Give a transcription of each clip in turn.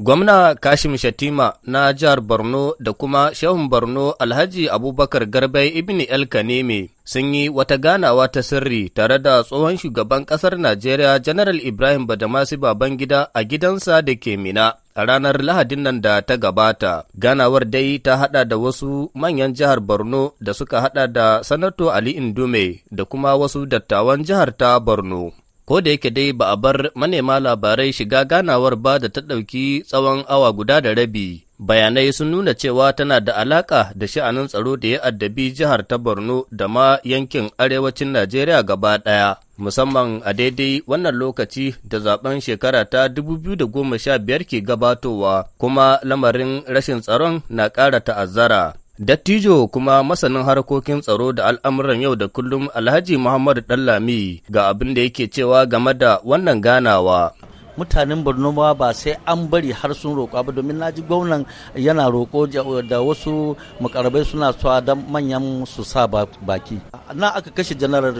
Gwamna Kashim Shatima na jihar Borno da kuma Shehun Borno Alhaji Abubakar Garbai Ibni Elkaneme sun yi wata ganawa ta sirri tare da tsohon shugaban ƙasar Najeriya Janaral Ibrahim Badamasi Babangida a gidansa da ke Mina a ranar Lahadin nan da ta gabata. Ganawar dai ta haɗa da wasu manyan jihar Borno da suka haɗa da Sanato Ali Indume da kuma wasu dattawan jihar ta Borno. ko da yake dai ba a bar manema labarai shiga ganawar ba da ta ɗauki tsawon awa guda da rabi. Bayanai sun nuna cewa tana da alaƙa da sha'anin tsaro da ya addabi jihar ta Borno da ma yankin arewacin Najeriya gaba ɗaya, musamman a daidai wannan lokaci da zaben shekara ta 2015 ke gabatowa kuma lamarin rashin tsaron na ƙara ta'azzara. Dattijo kuma masanin harkokin tsaro da al'amuran yau da kullum Alhaji Muhammadu Ɗallami ga abin da yake cewa game da wannan ganawa. mutanen borno ma ba sai an bari har sun roƙa ba domin na ji gwamnan yana roƙo da wasu makarabai suna suwa don manyan su sa baki na aka kashe janarar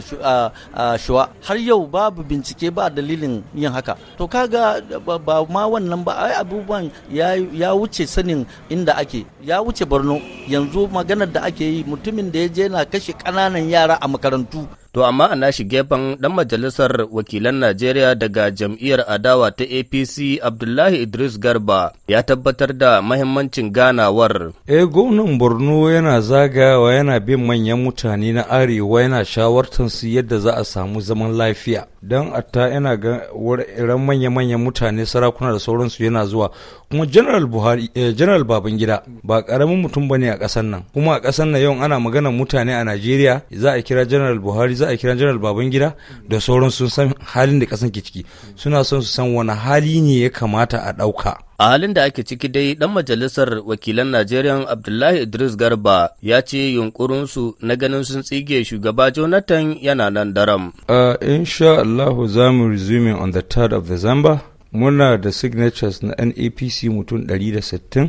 shuwa har yau babu bincike ba dalilin yin haka to kaga ba ma wannan ba ai abubuwan ya wuce sanin inda ake ya wuce borno yanzu maganar da ake yi mutumin da ya je na kashe ƙananan yara a makarantu To amma a nashi gefen ɗan majalisar wakilan Najeriya daga jam'iyyar adawa ta APC Abdullahi Idris Garba ya tabbatar da mahimmancin ganawar. E gwamnan Borno yana zagawa yana bin manyan mutane na arewa yana su yadda za a samu zaman lafiya. Don atta yana ga irin manya-manyan mutane sarakuna da sauransu yana zuwa. Kuma General Buhari, eh, General Babangida ba ƙaramin mutum bane a ƙasar nan. Kuma a ƙasar nan yau ana maganar mutane a Najeriya za a kira General Buhari za a kira janar gida da sauran sun san halin da kasan ke ciki suna son su san wani hali ne ya kamata a ɗauka. a halin da ake ciki dai dan majalisar wakilan najeriya abdullahi idris garba ya ce yunkurinsu na ganin sun tsige shugaba jonathan yana nan daram. Uh, insha allah za mu resume on the third of december muna da signatures na NAPC mutum 160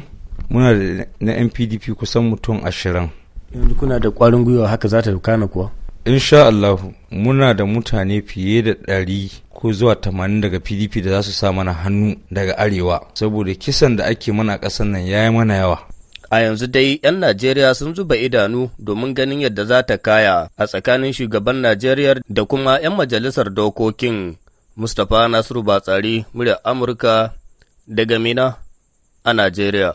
muna da na NPDP kusan mutum 20 yanzu kuna da kwarin gwiwa haka za ta dukana kuwa insha Allahu muna da mutane fiye da ɗari ko zuwa tamanin daga pdp da za su sa mana hannu daga arewa saboda kisan da ake mana ƙasar nan ya yi mana yawa a yanzu dai 'yan najeriya sun zuba idanu domin ganin yadda za ta kaya a tsakanin shugaban najeriya da kuma 'yan majalisar dokokin mustapha nasiru batsari muryar amurka daga mina a najeriya